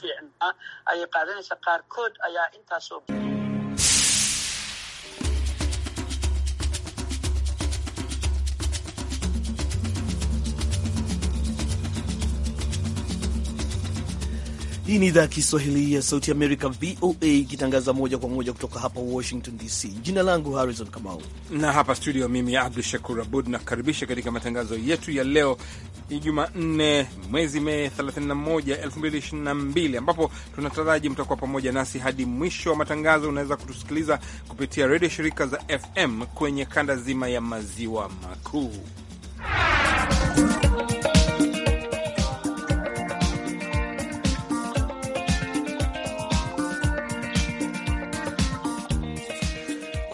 fiicnaa ah, ayay qaadanaysa qaarkood ayaa intaasoo Hii ni idhaa ya Kiswahili ya Sauti Amerika, VOA, ikitangaza moja kwa moja kutoka hapa Washington DC. Jina langu Harrison Kamau na hapa studio mimi Abdu Shakur Abud nakaribisha katika matangazo yetu ya leo Jumanne, mwezi Mei 31, 2022, ambapo tunataraji mtakuwa pamoja nasi hadi mwisho wa matangazo. Unaweza kutusikiliza kupitia redio shirika za FM kwenye kanda zima ya maziwa makuu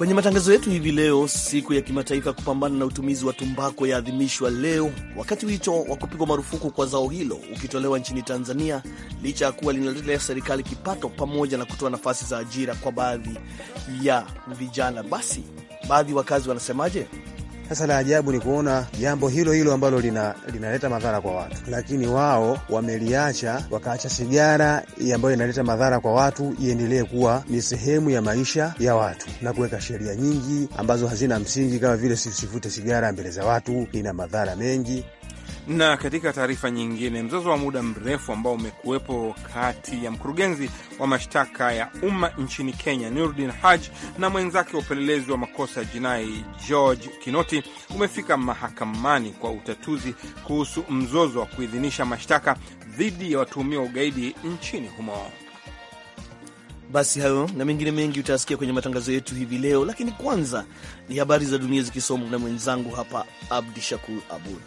Kwenye matangazo yetu hivi leo, siku ya kimataifa ya kupambana na utumizi wa tumbako yaadhimishwa leo, wakati wito wa kupigwa marufuku kwa zao hilo ukitolewa nchini Tanzania, licha ya kuwa linaletea serikali kipato pamoja na kutoa nafasi za ajira kwa baadhi ya vijana. Basi baadhi wakazi wanasemaje? Sasa la ajabu ni kuona jambo hilo hilo ambalo linaleta lina madhara kwa watu, lakini wao wameliacha, wakaacha sigara ambayo inaleta madhara kwa watu iendelee kuwa ni sehemu ya maisha ya watu, na kuweka sheria nyingi ambazo hazina msingi, kama vile sisivute sigara mbele za watu, ina madhara mengi. Na katika taarifa nyingine, mzozo wa muda mrefu ambao umekuwepo kati ya mkurugenzi wa mashtaka ya umma nchini Kenya Nurdin haj na mwenzake wa upelelezi wa makosa ya jinai George Kinoti umefika mahakamani kwa utatuzi kuhusu mzozo wa kuidhinisha mashtaka dhidi ya watuhumiwa ugaidi nchini humo. Basi hayo na mengine mengi utayasikia kwenye matangazo yetu hivi leo, lakini kwanza ni habari za dunia zikisomwa na mwenzangu hapa Abdi Shakur Abud.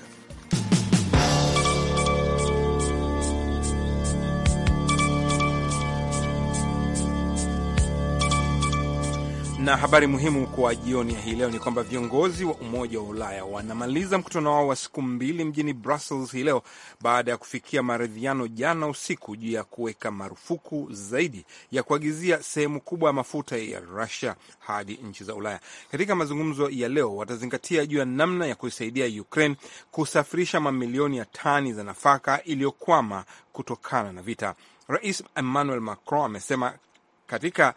Na habari muhimu kwa jioni ya hii leo ni kwamba viongozi wa Umoja wa Ulaya wanamaliza mkutano wao wa siku mbili mjini Brussels hii leo baada ya kufikia maridhiano jana usiku juu ya kuweka marufuku zaidi ya kuagizia sehemu kubwa ya mafuta ya Rusia hadi nchi za Ulaya. Katika mazungumzo ya leo, watazingatia juu ya namna ya kuisaidia Ukraine kusafirisha mamilioni ya tani za nafaka iliyokwama kutokana na vita. Rais Emmanuel Macron amesema katika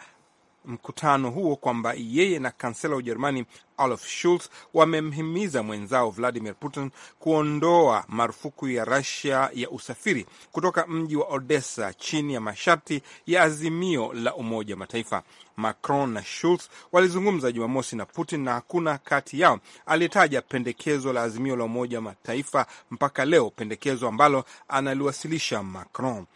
mkutano huo kwamba yeye na kansela wa Ujerumani Olaf Scholz wamemhimiza mwenzao Vladimir Putin kuondoa marufuku ya rasia ya usafiri kutoka mji wa Odessa chini ya masharti ya azimio la Umoja wa Mataifa. Macron na Schulz walizungumza Jumamosi na Putin na hakuna kati yao aliyetaja pendekezo la azimio la Umoja wa Mataifa mpaka leo, pendekezo ambalo analiwasilisha Macron.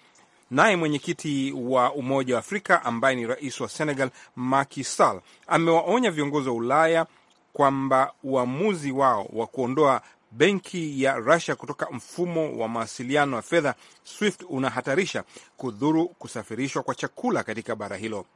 Naye mwenyekiti wa Umoja wa Afrika ambaye ni rais wa Senegal Macky Sall amewaonya viongozi wa Ulaya kwamba uamuzi wao wa kuondoa benki ya Russia kutoka mfumo wa mawasiliano ya fedha SWIFT unahatarisha kudhuru kusafirishwa kwa chakula katika bara hilo.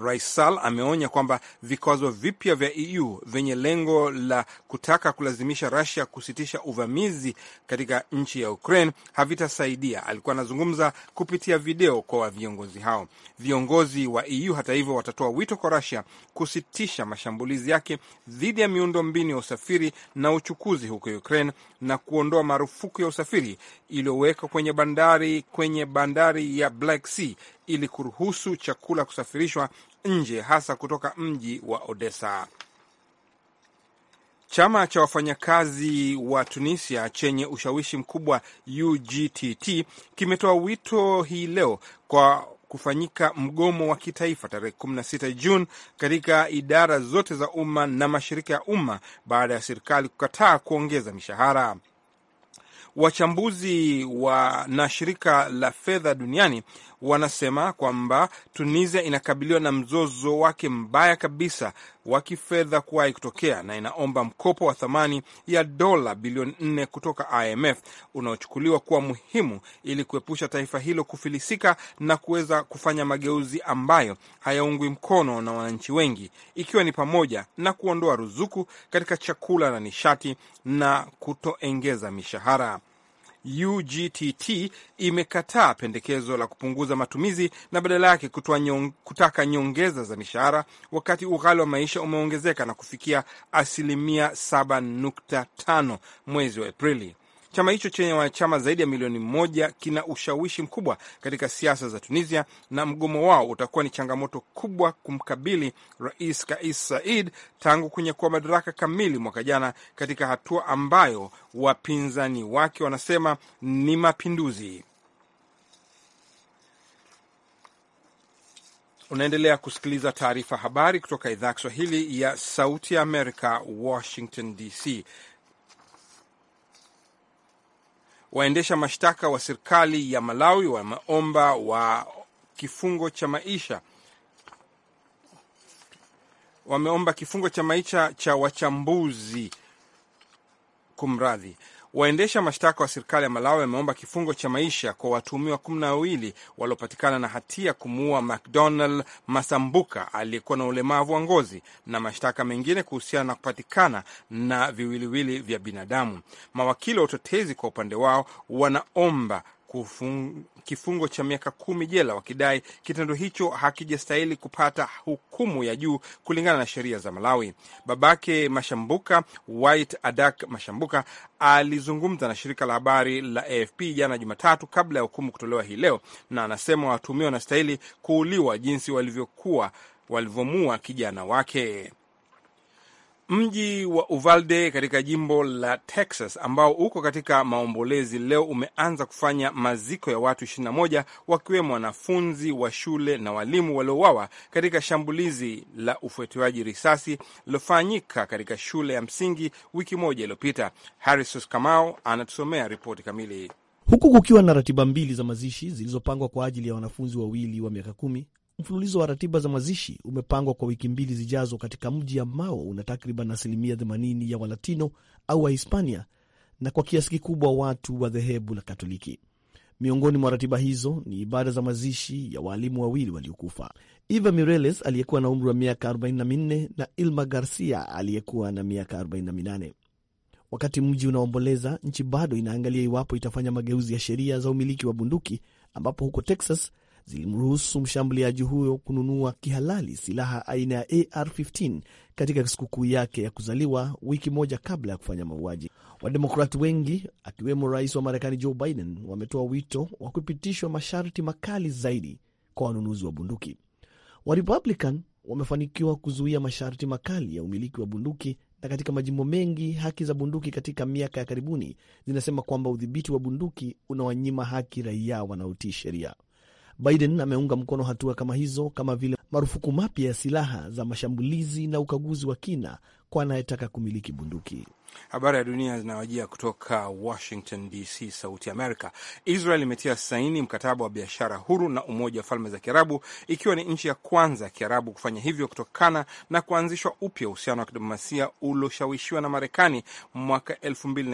Rais Sall ameonya kwamba vikwazo vipya vya EU vyenye lengo la kutaka kulazimisha Russia kusitisha uvamizi katika nchi ya Ukraine havitasaidia. Alikuwa anazungumza kupitia video kwa viongozi hao. Viongozi wa EU hata hivyo, watatoa wito kwa Russia kusitisha mashambulizi yake dhidi ya miundo mbinu ya usafiri na uchukuzi huko Ukraine na kuondoa marufuku ya usafiri iliyowekwa kwenye bandari kwenye bandari ya Black Sea ili kuruhusu chakula kusafirishwa nje, hasa kutoka mji wa Odessa. Chama cha wafanyakazi wa Tunisia chenye ushawishi mkubwa UGTT kimetoa wito hii leo kwa kufanyika mgomo wa kitaifa tarehe 16 Juni katika idara zote za umma na mashirika ya umma baada ya serikali kukataa kuongeza mishahara. Wachambuzi wa na shirika la fedha duniani wanasema kwamba Tunisia inakabiliwa na mzozo wake mbaya kabisa wa kifedha kuwahi kutokea na inaomba mkopo wa thamani ya dola bilioni nne kutoka IMF unaochukuliwa kuwa muhimu ili kuepusha taifa hilo kufilisika na kuweza kufanya mageuzi ambayo hayaungwi mkono na wananchi wengi, ikiwa ni pamoja na kuondoa ruzuku katika chakula na nishati na kutoengeza mishahara. UGTT imekataa pendekezo la kupunguza matumizi na badala yake nyong, kutaka nyongeza za mishahara wakati ughali wa maisha umeongezeka na kufikia asilimia 7.5 mwezi wa Aprili. Chama hicho chenye wanachama zaidi ya milioni moja kina ushawishi mkubwa katika siasa za Tunisia, na mgomo wao utakuwa ni changamoto kubwa kumkabili Rais Kais Saied tangu kunyakua madaraka kamili mwaka jana, katika hatua ambayo wapinzani wake wanasema ni mapinduzi. Unaendelea kusikiliza taarifa habari kutoka idhaa ya Kiswahili ya Sauti ya Amerika, Washington DC. Waendesha mashtaka wa serikali ya Malawi wameomba wa kifungo cha maisha wameomba kifungo cha maisha cha wachambuzi kumradhi Waendesha mashtaka wa serikali ya Malawi wameomba kifungo cha maisha kwa watuhumiwa kumi na wawili waliopatikana na hatia kumuua McDonald Masambuka aliyekuwa na ulemavu wa ngozi na mashtaka mengine kuhusiana na kupatikana na viwiliwili vya binadamu. Mawakili wa utetezi kwa upande wao wanaomba kufung, kifungo cha miaka kumi jela wakidai kitendo hicho hakijastahili kupata hukumu ya juu kulingana na sheria za Malawi. Babake Mashambuka, White Adak Mashambuka, alizungumza na shirika la habari la AFP jana Jumatatu kabla ya hukumu kutolewa hii leo, na anasema watuhumiwa wanastahili kuuliwa jinsi walivyokuwa walivyomua kijana wake. Mji wa Uvalde katika jimbo la Texas ambao uko katika maombolezi leo umeanza kufanya maziko ya watu 21 wakiwemo wanafunzi wa shule na walimu waliouawa katika shambulizi la ufuatiwaji risasi lilofanyika katika shule ya msingi wiki moja iliyopita. harrisus Kamau anatusomea ripoti kamili. Huku kukiwa na ratiba mbili za mazishi zilizopangwa kwa ajili ya wanafunzi wawili wa miaka kumi Mfululizo wa ratiba za mazishi umepangwa kwa wiki mbili zijazo katika mji ambao una takriban asilimia 80 ya Walatino au Wahispania na kwa kiasi kikubwa watu wa dhehebu la Katoliki. Miongoni mwa ratiba hizo ni ibada za mazishi ya waalimu wawili waliokufa, Eva Mireles aliyekuwa na umri wa miaka 44 na Ilma Garcia aliyekuwa na miaka 48. Wakati mji unaomboleza, nchi bado inaangalia iwapo itafanya mageuzi ya sheria za umiliki wa bunduki, ambapo huko Texas zilimruhusu mshambuliaji huyo kununua kihalali silaha aina ya AR-15 katika sikukuu yake ya kuzaliwa wiki moja kabla ya kufanya mauaji. Wademokrati wengi akiwemo rais wa Marekani Joe Biden wametoa wito wa kupitishwa masharti makali zaidi kwa wanunuzi wa bunduki. Warepublican wamefanikiwa kuzuia masharti makali ya umiliki wa bunduki, na katika majimbo mengi haki za bunduki katika miaka ya karibuni zinasema kwamba udhibiti wa bunduki unawanyima haki raia wanaotii sheria. Biden ameunga mkono hatua kama hizo kama vile marufuku mapya ya silaha za mashambulizi na ukaguzi wa kina kwa anayetaka kumiliki bunduki. Habari ya dunia zinawajia kutoka Washington DC, Sauti Amerika. Israel imetia saini mkataba wa biashara huru na Umoja wa Falme za Kiarabu, ikiwa ni nchi ya kwanza ya Kiarabu kufanya hivyo kutokana na kuanzishwa upya uhusiano wa kidiplomasia ulioshawishiwa na Marekani mwaka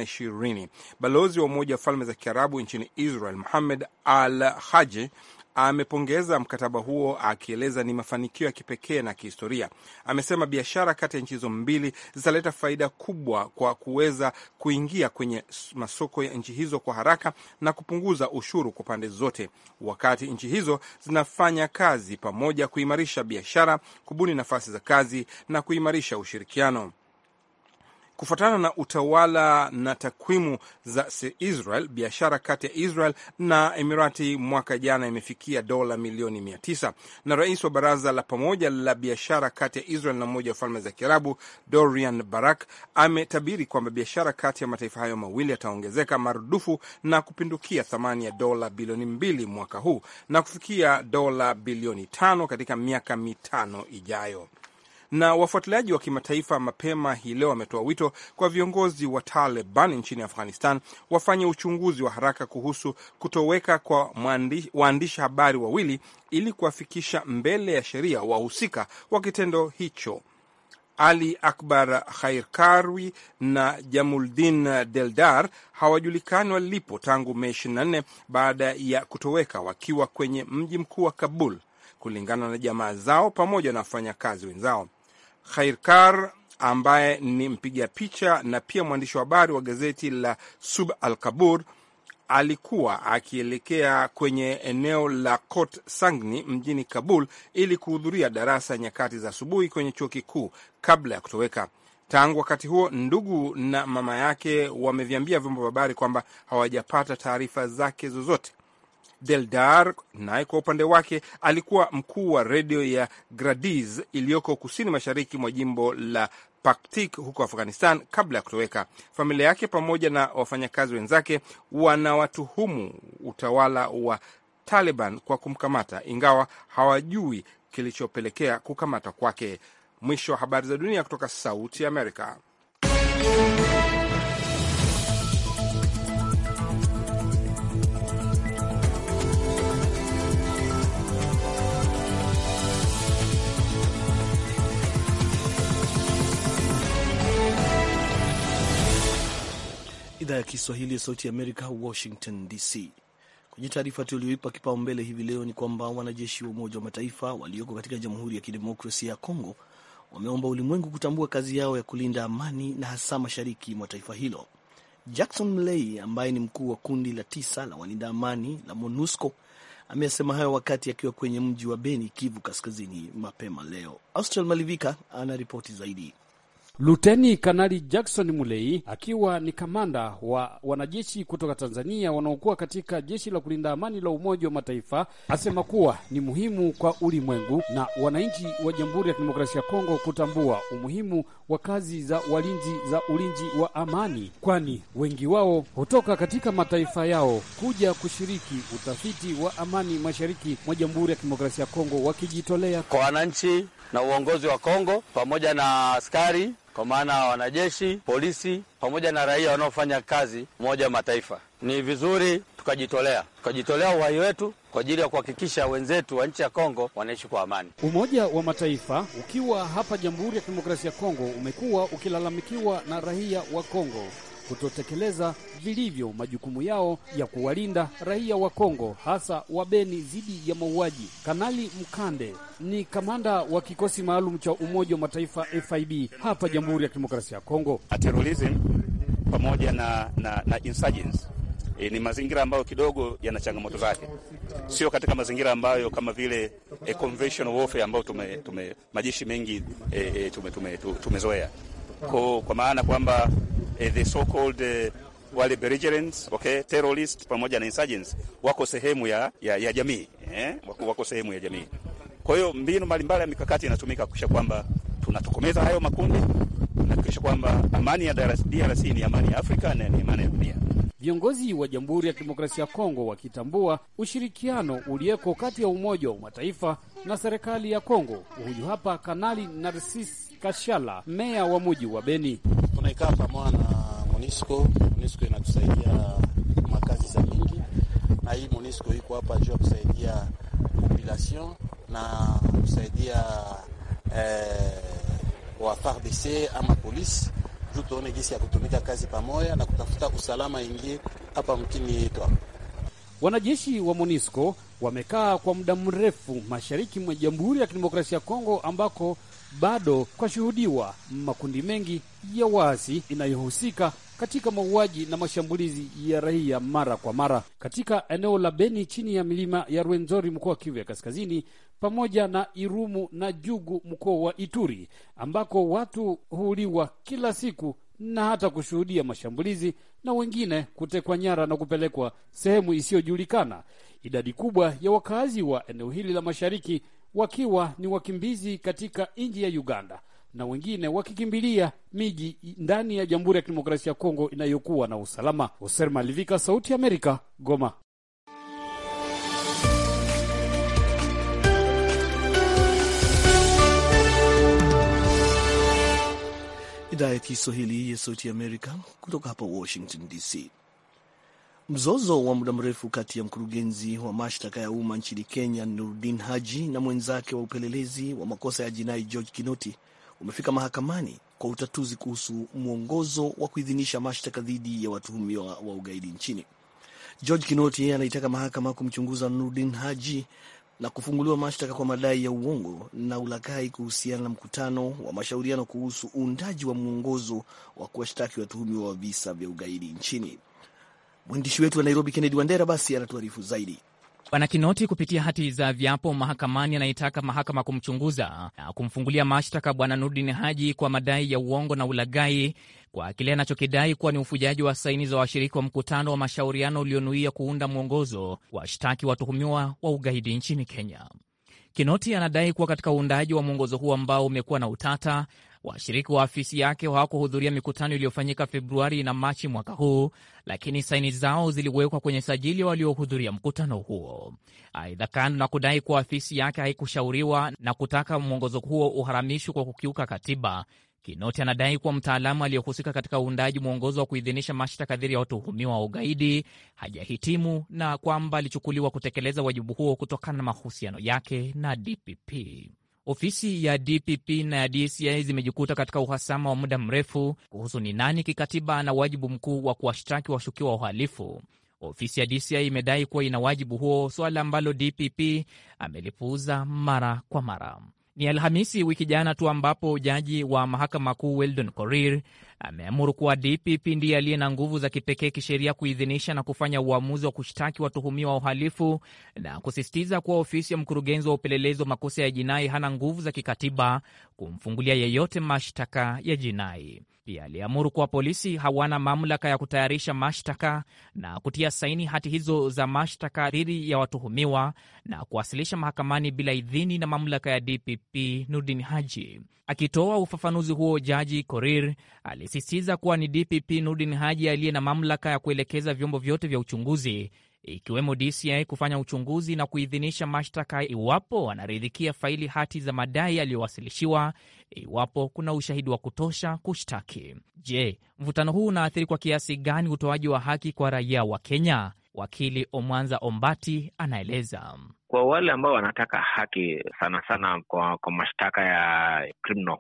ishirini Balozi wa Umoja wa Falme za Kiarabu nchini Israel, Muhamed Al Haji amepongeza mkataba huo akieleza ni mafanikio ya kipekee na kihistoria. Amesema biashara kati ya nchi hizo mbili zitaleta faida kubwa kwa kuweza kuingia kwenye masoko ya nchi hizo kwa haraka na kupunguza ushuru kwa pande zote, wakati nchi hizo zinafanya kazi pamoja kuimarisha biashara, kubuni nafasi za kazi na kuimarisha ushirikiano. Kufuatana na utawala na takwimu za Israel, biashara kati ya Israel na Emirati mwaka jana imefikia dola milioni mia tisa. Na rais wa baraza la pamoja la biashara kati ya Israel na Umoja wa Falme za Kiarabu, Dorian Barak, ametabiri kwamba biashara kati ya mataifa hayo mawili yataongezeka marudufu na kupindukia thamani ya dola bilioni mbili mwaka huu na kufikia dola bilioni tano katika miaka mitano ijayo. Na wafuatiliaji wa kimataifa mapema hii leo wametoa wito kwa viongozi wa Taliban nchini Afghanistan wafanye uchunguzi wa haraka kuhusu kutoweka kwa waandishi habari wawili ili kuwafikisha mbele ya sheria wahusika wa kitendo hicho. Ali Akbar Khairkarwi na Jamuldin Deldar hawajulikani walipo tangu Mei 24 baada ya kutoweka wakiwa kwenye mji mkuu wa Kabul, kulingana na jamaa zao pamoja na wafanyakazi wenzao. Khairkar ambaye ni mpiga picha na pia mwandishi wa habari wa gazeti la Sub al Kabur alikuwa akielekea kwenye eneo la Kot Sangni mjini Kabul ili kuhudhuria darasa nyakati za asubuhi kwenye chuo kikuu kabla ya kutoweka. Tangu wakati huo, ndugu na mama yake wameviambia vyombo vya habari kwamba hawajapata taarifa zake zozote Deldar naye kwa upande wake alikuwa mkuu wa redio ya Gradiz iliyoko kusini mashariki mwa jimbo la Paktik huko Afghanistan kabla ya kutoweka. Familia yake pamoja na wafanyakazi wenzake wanawatuhumu utawala wa Taliban kwa kumkamata, ingawa hawajui kilichopelekea kukamata kwake. Mwisho wa habari za dunia kutoka Sauti ya Amerika. idhaa ya Kiswahili ya Sauti ya Amerika, Washington DC. Kwenye taarifa tulioipa kipaumbele hivi leo ni kwamba wanajeshi wa Umoja wa Mataifa walioko katika Jamhuri ya Kidemokrasia ya Kongo wameomba ulimwengu kutambua kazi yao ya kulinda amani na hasa mashariki mwa taifa hilo. Jackson Mlei ambaye ni mkuu wa kundi la tisa la walinda amani la MONUSCO ameasema hayo wakati akiwa kwenye mji wa Beni, Kivu Kaskazini, mapema leo. Austral Malivika ana ripoti zaidi. Luteni Kanali Jackson Mulei akiwa ni kamanda wa wanajeshi kutoka Tanzania wanaokuwa katika jeshi la kulinda amani la Umoja wa Mataifa asema kuwa ni muhimu kwa ulimwengu na wananchi wa Jamhuri ya Kidemokrasia ya Kongo kutambua umuhimu wa kazi za walinzi za ulinzi wa amani, kwani wengi wao hutoka katika mataifa yao kuja kushiriki utafiti wa amani mashariki mwa Jamhuri ya Kidemokrasia ya Kongo wakijitolea kwa wananchi na uongozi wa Kongo pamoja na askari kwa maana wanajeshi, polisi pamoja na raia wanaofanya kazi Umoja wa Mataifa. Ni vizuri tukajitolea, tukajitolea uhai wetu kwa ajili ya kuhakikisha wenzetu wa nchi ya Kongo wanaishi kwa amani. Umoja wa Mataifa ukiwa hapa Jamhuri ya Kidemokrasia ya Kongo umekuwa ukilalamikiwa na raia wa Kongo kutotekeleza vilivyo majukumu yao ya kuwalinda raia wa Kongo, hasa wa Beni dhidi ya mauaji. Kanali Mkande ni kamanda wa kikosi maalum cha Umoja wa Mataifa FIB hapa Jamhuri ya Kidemokrasia ya Kongo. Terrorism pamoja na, na, na insurgents E, ni mazingira ambayo kidogo yana changamoto zake, sio katika mazingira ambayo kama vile e, conventional warfare ambayo tume, tume majeshi mengi e, e, tumezoea tume, tume kwa, kwa maana kwamba eh, the so called eh, wale belligerents, okay, terrorist pamoja na insurgents wako sehemu ya, ya, ya jamii eh? wako, wako sehemu ya jamii. Kwa hiyo mbinu mbalimbali ya mikakati inatumika kuhakikisha kwamba tunatokomeza hayo makundi na kuhakikisha kwamba amani ya DRC ni amani ya Afrika na ni amani ya dunia. Viongozi wa Jamhuri ya Kidemokrasia ya Kongo wakitambua ushirikiano ulieko kati ya Umoja wa Mataifa na serikali ya Kongo. Huyu hapa Kanali Narcisse Kashala, meya wa muji wa Beni. Tunaikaa pamoja na Monisco. Monisco inatusaidia makazi za mingi, na hii Monisco iko hapa juu ya kusaidia population na kusaidia eh, wa FARDC ama polisi juu tuone gisi ya kutumika kazi pamoja na kutafuta usalama ingi hapa mtini yetu. Wanajeshi wa Monisco wamekaa kwa muda mrefu mashariki mwa Jamhuri ya Kidemokrasia ya Kongo ambako bado kwashuhudiwa makundi mengi ya waasi inayohusika katika mauaji na mashambulizi ya raia mara kwa mara katika eneo la Beni chini ya milima ya Rwenzori mkoa wa Kivu ya Kaskazini pamoja na Irumu na Jugu mkoa wa Ituri ambako watu huuliwa kila siku na hata kushuhudia mashambulizi na wengine kutekwa nyara na kupelekwa sehemu isiyojulikana. Idadi kubwa ya wakazi wa eneo hili la mashariki wakiwa ni wakimbizi katika nchi ya Uganda na wengine wakikimbilia miji ndani ya Jamhuri ya Kidemokrasia ya Kongo inayokuwa na usalama. Hoser Malivika, Sauti ya Amerika, Goma. Idhaa ya Kiswahili ya Sauti ya Amerika kutoka hapa Washington DC. Mzozo wa muda mrefu kati ya mkurugenzi wa mashtaka ya umma nchini Kenya Nurdin Haji na mwenzake wa upelelezi wa makosa ya jinai George Kinoti umefika mahakamani kwa utatuzi kuhusu mwongozo wa kuidhinisha mashtaka dhidi ya watuhumiwa wa ugaidi nchini. George Kinoti anaitaka mahakama kumchunguza Nurdin Haji na kufunguliwa mashtaka kwa madai ya uongo na ulaghai kuhusiana na mkutano wa mashauriano kuhusu uundaji wa mwongozo wa kuwashtaki watuhumiwa wa visa vya ugaidi nchini. Mwandishi wetu wa Nairobi, Kennedy Wandera, basi anatuarifu zaidi. Bwana Kinoti kupitia hati za viapo mahakamani anaitaka mahakama kumchunguza na kumfungulia mashtaka Bwana Nurdin Haji kwa madai ya uongo na ulagai kwa kile anachokidai kuwa ni ufujaji wa saini za washiriki wa mkutano wa mashauriano ulionuia kuunda mwongozo washtaki watuhumiwa wa ugaidi nchini Kenya. Kinoti anadai kuwa katika uundaji wa mwongozo huo ambao umekuwa na utata, Washiriki wa afisi yake hawakuhudhuria mikutano iliyofanyika Februari na Machi mwaka huu, lakini saini zao ziliwekwa kwenye sajili waliohudhuria mkutano huo. Aidha, kando na kudai kuwa afisi yake haikushauriwa na kutaka mwongozo huo uharamishwe kwa kukiuka katiba, Kinoti anadai kuwa mtaalamu aliyehusika katika uundaji mwongozo wa kuidhinisha mashtaka dhidi ya watuhumiwa wa ugaidi hajahitimu na kwamba alichukuliwa kutekeleza wajibu huo kutokana na mahusiano yake na DPP. Ofisi ya DPP na ya DCI zimejikuta katika uhasama wa muda mrefu kuhusu ni nani kikatiba ana wajibu mkuu wa kuwashtaki washukiwa wa uhalifu. Ofisi ya DCI imedai kuwa ina wajibu huo, suala ambalo DPP amelipuuza mara kwa mara. Ni Alhamisi wiki jana tu ambapo jaji wa mahakama kuu Weldon Korir ameamuru kuwa DPP ndiye aliye na nguvu za kipekee kisheria kuidhinisha na kufanya uamuzi wa kushtaki watuhumiwa wa uhalifu na kusisitiza kuwa ofisi ya mkurugenzi wa upelelezi wa makosa ya jinai hana nguvu za kikatiba kumfungulia yeyote mashtaka ya jinai. Pia aliamuru kuwa polisi hawana mamlaka ya kutayarisha mashtaka na kutia saini hati hizo za mashtaka dhidi ya watuhumiwa na kuwasilisha mahakamani bila idhini na mamlaka ya DPP Nurdin Haji. Akitoa ufafanuzi huo, Jaji Korir ali alisisitiza kuwa ni DPP Nurdin Haji aliye na mamlaka ya kuelekeza vyombo vyote vya uchunguzi ikiwemo DCI kufanya uchunguzi na kuidhinisha mashtaka iwapo anaridhikia faili hati za madai yaliyowasilishiwa, iwapo kuna ushahidi wa kutosha kushtaki. Je, mvutano huu unaathiri kwa kiasi gani utoaji wa haki kwa raia wa Kenya? Wakili Omwanza Ombati anaeleza. Kwa wale ambao wanataka haki sana sana kwa, kwa mashtaka ya criminal,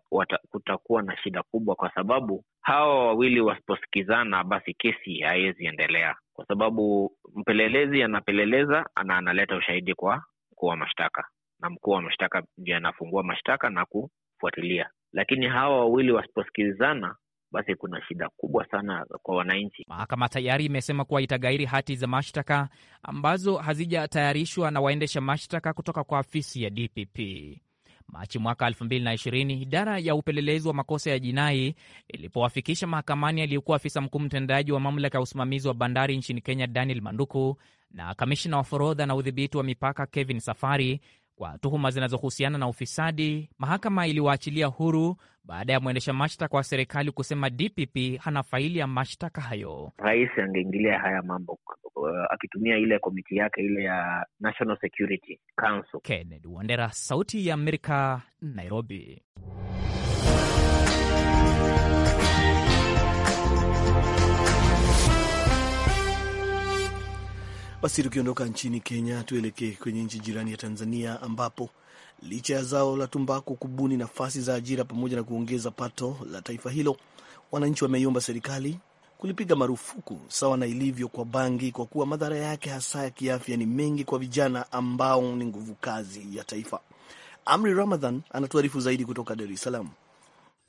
kutakuwa na shida kubwa, kwa sababu hawa wawili wasiposikizana, basi kesi haiwezi endelea, kwa sababu mpelelezi anapeleleza na analeta ushahidi kwa mkuu wa mashtaka, na mkuu wa mashtaka ndio anafungua mashtaka na kufuatilia. Lakini hawa wawili wasiposikizana basi kuna shida kubwa sana kwa wananchi. Mahakama tayari imesema kuwa itagairi hati za mashtaka ambazo hazijatayarishwa na waendesha mashtaka kutoka kwa afisi ya DPP. Machi mwaka 2020 idara ya upelelezi wa makosa ya jinai ilipowafikisha mahakamani aliyekuwa afisa mkuu mtendaji wa mamlaka ya usimamizi wa bandari nchini Kenya Daniel Manduku na kamishina wa forodha na udhibiti wa mipaka Kevin Safari kwa tuhuma zinazohusiana na ufisadi, mahakama iliwaachilia huru baada ya mwendesha mashtaka wa serikali kusema DPP hana faili ya mashtaka hayo. Rais angeingilia haya mambo uh, akitumia ile komiti yake ile ya National Security Council. Kennedy Wandera, Sauti ya Amerika, Nairobi. Basi tukiondoka nchini Kenya, tuelekee kwenye nchi jirani ya Tanzania, ambapo licha ya zao la tumbaku kubuni nafasi za ajira pamoja na kuongeza pato la taifa hilo, wananchi wameiomba serikali kulipiga marufuku sawa na ilivyo kwa bangi, kwa kuwa madhara yake hasa ya kiafya ni mengi kwa vijana ambao ni nguvu kazi ya taifa. Amri Ramadhan anatuarifu zaidi kutoka Dar es Salaam.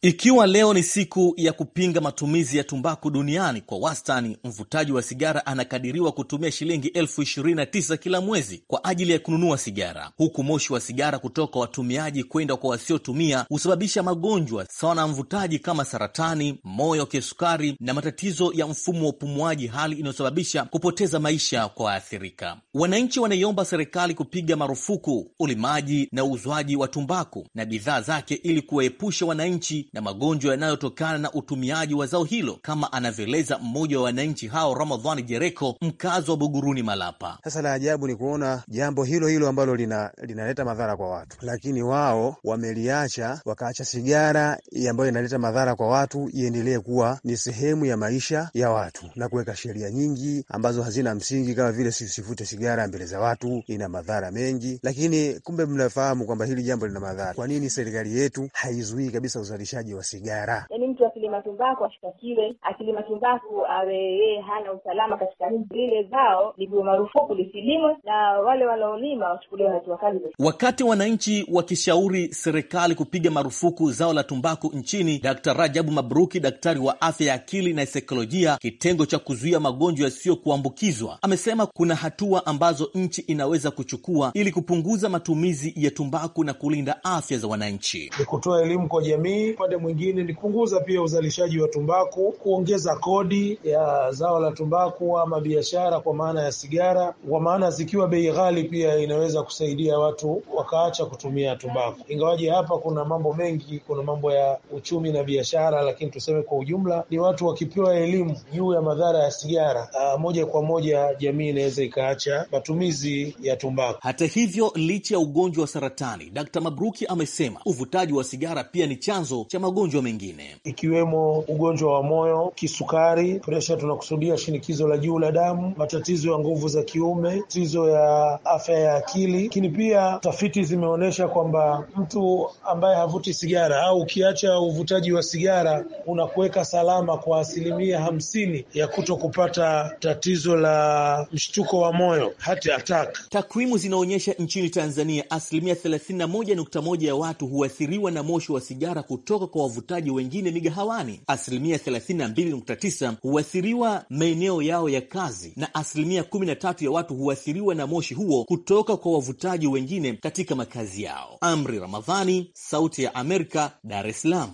Ikiwa leo ni siku ya kupinga matumizi ya tumbaku duniani, kwa wastani mvutaji wa sigara anakadiriwa kutumia shilingi elfu ishirini na tisa kila mwezi kwa ajili ya kununua sigara, huku moshi wa sigara kutoka watumiaji kwenda kwa wasiotumia husababisha magonjwa sawa na mvutaji kama saratani, moyo, kisukari na matatizo ya mfumo wa upumuaji, hali inayosababisha kupoteza maisha kwa waathirika. Wananchi wanaiomba serikali kupiga marufuku ulimaji na uuzwaji wa tumbaku na bidhaa zake ili kuwaepusha wananchi na magonjwa yanayotokana na utumiaji wa zao hilo, kama anavyoeleza mmoja wa wananchi hao, Ramadhani Jereko, mkazi wa Buguruni Malapa. Sasa la ajabu ni kuona jambo hilo hilo ambalo linaleta lina madhara kwa watu, lakini wao wameliacha, wakaacha sigara ambayo inaleta madhara kwa watu iendelee kuwa ni sehemu ya maisha ya watu, na kuweka sheria nyingi ambazo hazina msingi, kama vile sisivute sigara mbele za watu, ina madhara mengi. Lakini kumbe mnafahamu kwamba hili jambo lina madhara. Kwa nini serikali yetu haizuii kabisa uzalishaji uzalishaji wa sigara. Yaani mtu akilima tumbaku ashtakiwe, akilima tumbaku awe yeye hana usalama katika nchi. Lile zao lipigwe marufuku lisilimwe, na wale wanaolima wachukuliwe hatua kali. Wakati wananchi wakishauri serikali kupiga marufuku zao la tumbaku nchini, Dr. Rajabu Mabruki, daktari wa afya ya akili na saikolojia, kitengo cha kuzuia magonjwa yasiyokuambukizwa, amesema kuna hatua ambazo nchi inaweza kuchukua ili kupunguza matumizi ya tumbaku na kulinda afya za wananchi. Ni kutoa elimu kwa jamii upande mwingine ni kupunguza pia uzalishaji wa tumbaku, kuongeza kodi ya zao la tumbaku ama biashara kwa maana ya sigara, kwa maana zikiwa bei ghali, pia inaweza kusaidia watu wakaacha kutumia tumbaku. Ingawaje hapa kuna mambo mengi, kuna mambo ya uchumi na biashara, lakini tuseme kwa ujumla ni watu wakipewa elimu juu ya madhara ya sigara, ah, moja kwa moja jamii inaweza ikaacha matumizi ya tumbaku. Hata hivyo, licha ya ugonjwa wa saratani, Dkt. Mabruki amesema uvutaji wa sigara pia ni chanzo cha cha magonjwa mengine ikiwemo ugonjwa wa moyo, kisukari, presha, tunakusudia shinikizo la juu la damu, matatizo ya nguvu za kiume, matatizo ya afya ya akili. Lakini pia tafiti zimeonyesha kwamba mtu ambaye havuti sigara au ukiacha uvutaji wa sigara unakuweka salama kwa asilimia hamsini ya kuto kupata tatizo la mshtuko wa moyo hati attack. Takwimu zinaonyesha nchini Tanzania asilimia 31.1 ya watu huathiriwa na moshi wa sigara kutoka kutoka kwa wavutaji wengine migahawani. Asilimia 32.9 huathiriwa maeneo yao ya kazi na asilimia 13 ya watu huathiriwa na moshi huo kutoka kwa wavutaji wengine katika makazi yao. Amri Ramadhani, Sauti ya Amerika, Dar es Salaam.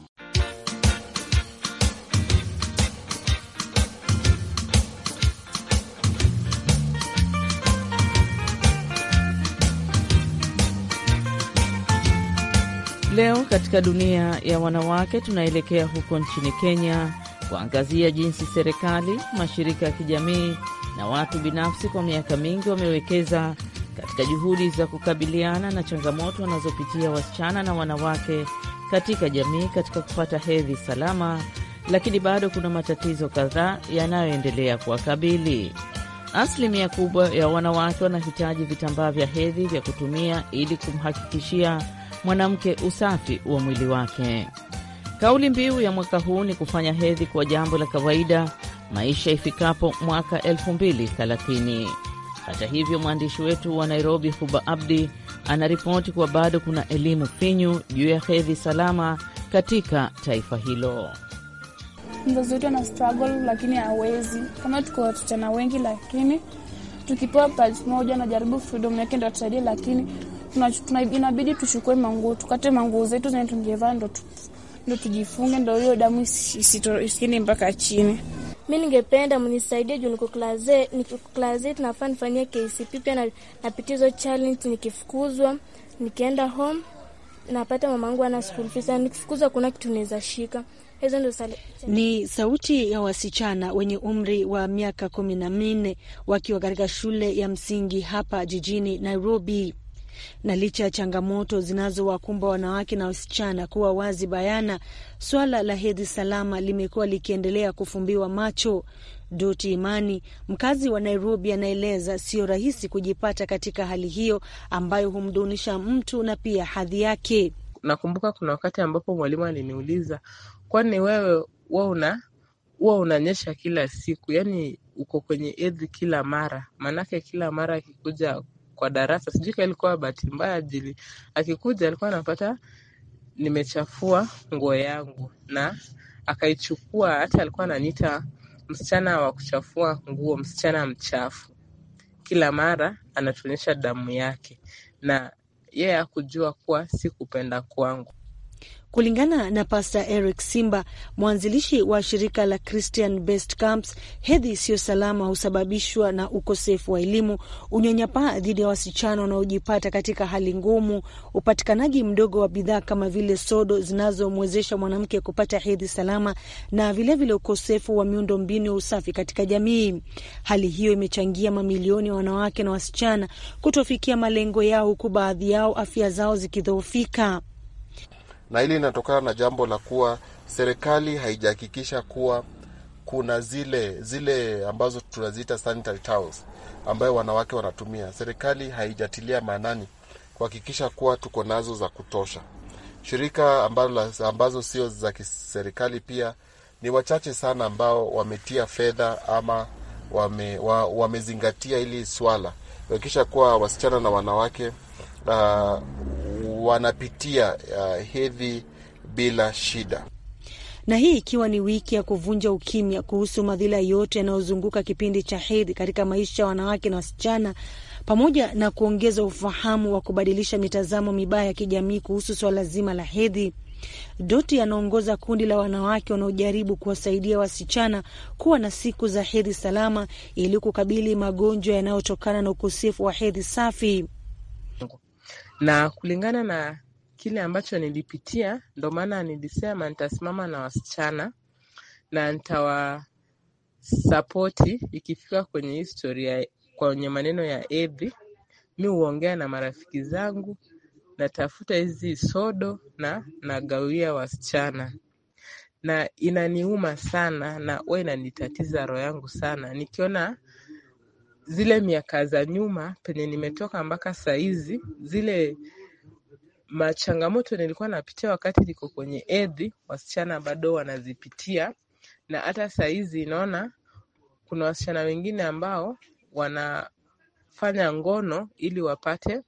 Leo katika dunia ya wanawake, tunaelekea huko nchini Kenya kuangazia jinsi serikali, mashirika ya kijamii na watu binafsi kwa miaka mingi wamewekeza katika juhudi za kukabiliana na changamoto wanazopitia wasichana na wanawake katika jamii katika kupata hedhi salama, lakini bado kuna matatizo kadhaa yanayoendelea kuwakabili. Asilimia kubwa ya wanawake wanahitaji vitambaa vya hedhi vya kutumia ili kumhakikishia mwanamke usafi wa mwili wake. Kauli mbiu ya mwaka huu ni kufanya hedhi kuwa jambo la kawaida maisha ifikapo mwaka 2030. Hata hivyo, mwandishi wetu wa Nairobi Huba Abdi anaripoti kuwa bado kuna elimu finyu juu ya hedhi salama katika taifa hilo. Mzazi wetu ana struggle lakini hawezi, kama tuko wasichana wengi, lakini tukipewa pads moja na freedom yake ndo atusaidia, lakini inabidi tuchukue manguo, tukate manguo zetu zenye tungevaa ndo ndo tujifunge, ndo hiyo damu isiende mpaka chini. Mi ningependa mnisaidie juu niko klaze, niko klaze, tunafaa nifanyie KCP pia, napitia hizo challenge. Nikifukuzwa nikienda home napata mamangu ana school fees, na nikifukuzwa kuna kitu naweza shika. Hizo ndo ni sauti ya wasichana wenye umri wa miaka kumi na minne wakiwa katika shule ya msingi hapa jijini Nairobi. Na licha ya changamoto zinazowakumba wanawake na wasichana kuwa wazi bayana, swala la hedhi salama limekuwa likiendelea kufumbiwa macho. Doti Imani, mkazi wa Nairobi, anaeleza sio rahisi kujipata katika hali hiyo ambayo humdunisha mtu na pia hadhi yake. Nakumbuka kuna wakati ambapo mwalimu aliniuliza, kwani wewe huwa una huwa unanyesha kila siku, yaani uko kwenye hedhi kila mara? Maanake kila mara akikuja kwa darasa, sijui kalikuwa ilikuwa bahati mbaya, ajili akikuja alikuwa anapata nimechafua nguo yangu, na akaichukua. Hata alikuwa ananiita msichana wa kuchafua nguo, msichana mchafu. Kila mara anatuonyesha damu yake, na yeye yeah, hakujua kuwa si kupenda kwangu. Kulingana na Pastor Eric Simba, mwanzilishi wa shirika la Christian Best Camps, hedhi isiyo salama husababishwa na ukosefu wa elimu, unyanyapaa dhidi ya wasichana wanaojipata katika hali ngumu, upatikanaji mdogo wa bidhaa kama vile sodo zinazomwezesha mwanamke kupata hedhi salama, na vilevile vile ukosefu wa miundombinu ya usafi katika jamii. Hali hiyo imechangia mamilioni ya wanawake na wasichana kutofikia malengo yao, huku baadhi yao afya zao zikidhoofika na hili linatokana na jambo la kuwa serikali haijahakikisha kuwa kuna zile zile ambazo tunaziita sanitary towels ambayo wanawake wanatumia. Serikali haijatilia maanani kuhakikisha kuwa tuko nazo za kutosha. Shirika ambazo, ambazo sio za kiserikali pia ni wachache sana ambao wametia fedha ama wame, wa, wamezingatia hili swala kuhakikisha kuwa wasichana na wanawake uh, wanapitia uh, hedhi bila shida na hii ikiwa ni wiki ya kuvunja ukimya kuhusu madhila yote yanayozunguka kipindi cha hedhi katika maisha ya wanawake na wasichana, pamoja na kuongeza ufahamu wa kubadilisha mitazamo mibaya ya kijamii kuhusu swala zima la hedhi. Doti anaongoza kundi la wanawake wanaojaribu kuwasaidia wasichana kuwa na siku za hedhi salama ili kukabili magonjwa yanayotokana na ukosefu wa hedhi safi na kulingana na kile ambacho nilipitia, ndo maana nilisema nitasimama na wasichana na nitawasapoti ikifika kwenye historia, kwenye maneno ya edhi Mi huongea na marafiki zangu, natafuta hizi sodo na nagawia wasichana, na inaniuma sana na huwa inanitatiza roho yangu sana nikiona zile miaka za nyuma penye nimetoka mpaka sahizi zile machangamoto nilikuwa napitia wakati niko kwenye edhi wasichana bado wanazipitia, na hata sahizi inaona kuna wasichana wengine ambao wanafanya ngono ili wapate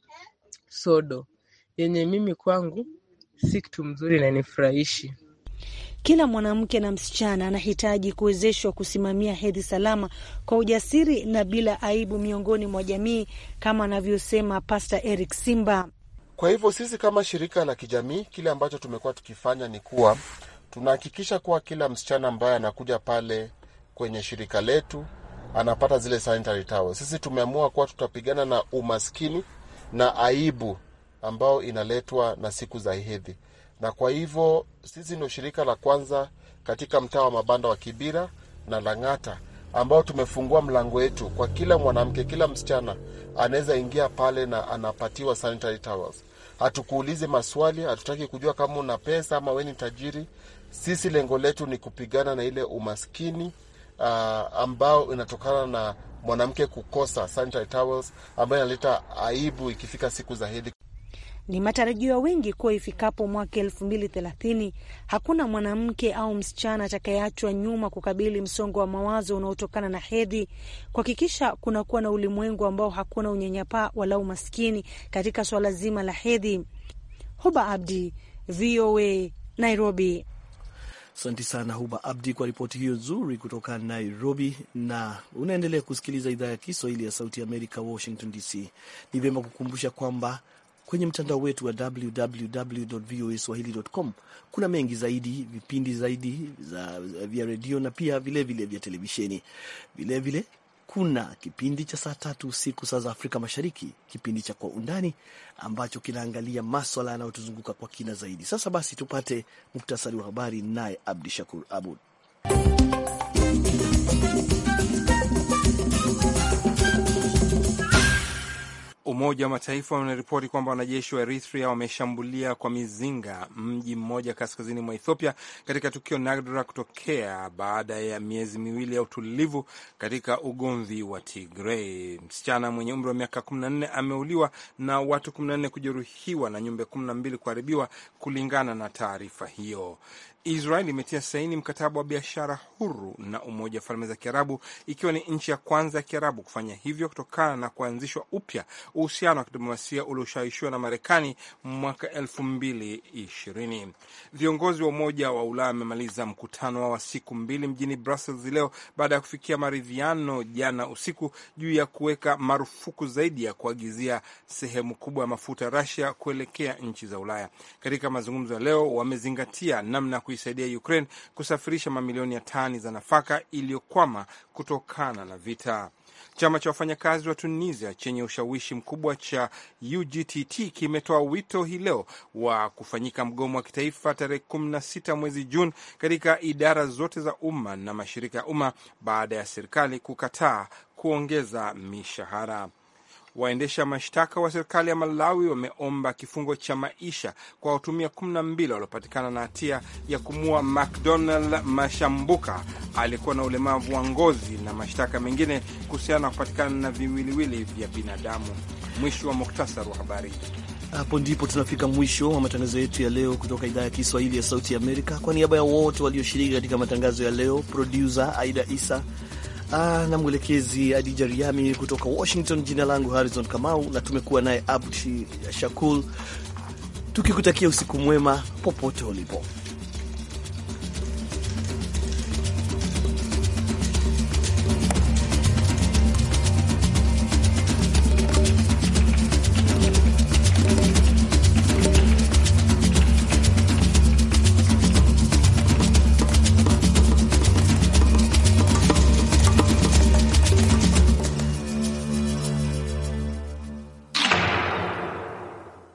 sodo, yenye mimi kwangu si kitu mzuri na nifurahishi. Kila mwanamke na msichana anahitaji kuwezeshwa kusimamia hedhi salama kwa ujasiri na bila aibu miongoni mwa jamii, kama anavyosema Pastor Eric Simba. Kwa hivyo sisi kama shirika la kijamii, kile ambacho tumekuwa tukifanya ni kuwa tunahakikisha kuwa kila msichana ambaye anakuja pale kwenye shirika letu anapata zile sanitary towels. Sisi tumeamua kuwa tutapigana na umaskini na aibu ambao inaletwa na siku za hedhi na kwa hivyo sisi ndio shirika la kwanza katika mtaa wa mabanda wa Kibira na Lang'ata ambao tumefungua mlango wetu kwa kila mwanamke, kila msichana anaweza ingia pale na anapatiwa sanitary towels. Hatukuulize maswali, hatutaki kujua kama una pesa ama we ni tajiri. Sisi lengo letu ni kupigana na ile umaskini uh, ambao inatokana na mwanamke kukosa sanitary towels, ambayo inaleta aibu ikifika siku za hedhi. Ni matarajio ya wengi kuwa ifikapo mwaka elfu mbili thelathini hakuna mwanamke au msichana atakayeachwa nyuma kukabili msongo wa mawazo unaotokana na hedhi, kuhakikisha kunakuwa na ulimwengu ambao hakuna unyanyapaa wala umaskini katika swala zima la hedhi. Huba Abdi, VOA, Nairobi. Asante sana Huba Abdi kwa ripoti hiyo nzuri kutoka Nairobi. Na unaendelea kusikiliza idhaa ya Kiswahili ya Sauti ya Amerika, Washington DC. Ni vyema kukumbusha kwamba kwenye mtandao wetu wa swahilicom Kuna mengi zaidi, vipindi zaidi za vya redio na pia vilevile vya televisheni. Vilevile kuna kipindi cha saa tatu usiku saa za Afrika Mashariki, kipindi cha Kwa Undani ambacho kinaangalia maswala yanayotuzunguka kwa kina zaidi. Sasa basi, tupate muktasari wa habari naye Abdi Shakur Abud. Umoja wa Mataifa unaripoti kwamba wanajeshi wa Eritrea wameshambulia kwa mizinga mji mmoja kaskazini mwa Ethiopia katika tukio nadra kutokea baada ya miezi miwili ya utulivu katika ugomvi wa Tigrei. Msichana mwenye umri wa miaka 14 ameuliwa na watu 14 kujeruhiwa na nyumba 12 kuharibiwa kulingana na taarifa hiyo. Israel imetia saini mkataba wa biashara huru na Umoja wa Falme za Kiarabu, ikiwa ni nchi ya kwanza ya Kiarabu kufanya hivyo kutokana na kuanzishwa upya uhusiano wa kidiplomasia ulioshawishiwa na Marekani mwaka elfu mbili ishirini. Viongozi wa Umoja wa Ulaya wamemaliza mkutano wao wa siku mbili mjini Brussels leo baada ya kufikia maridhiano jana usiku juu ya kuweka marufuku zaidi ya kuagizia sehemu kubwa ya mafuta Rasia kuelekea nchi za Ulaya. Katika mazungumzo ya leo wamezingatia namna ya kuisaidia Ukraine kusafirisha mamilioni ya tani za nafaka iliyokwama kutokana na vita. Chama cha wafanyakazi wa Tunisia chenye ushawishi mkubwa cha UGTT kimetoa wito hii leo wa kufanyika mgomo wa kitaifa tarehe 16 mwezi Juni katika idara zote za umma na mashirika ya umma baada ya serikali kukataa kuongeza mishahara. Waendesha mashtaka wa serikali ya Malawi wameomba kifungo cha maisha kwa watumia 12 waliopatikana na hatia ya kumua McDonald Mashambuka aliyekuwa na ulemavu wa ngozi na mashtaka mengine kuhusiana na kupatikana na viwiliwili vya binadamu. Mwisho wa muktasar wa habari. Hapo ndipo tunafika mwisho wa matangazo yetu ya leo kutoka idhaa ya Kiswahili ya Sauti ya Amerika. Kwa niaba ya wote walioshiriki katika matangazo ya leo, produsa Aida Isa, ah, na mwelekezi Adija Riami kutoka Washington. Jina langu Harrison Kamau na tumekuwa naye Abdi Shakul, tukikutakia usiku mwema popote ulipo.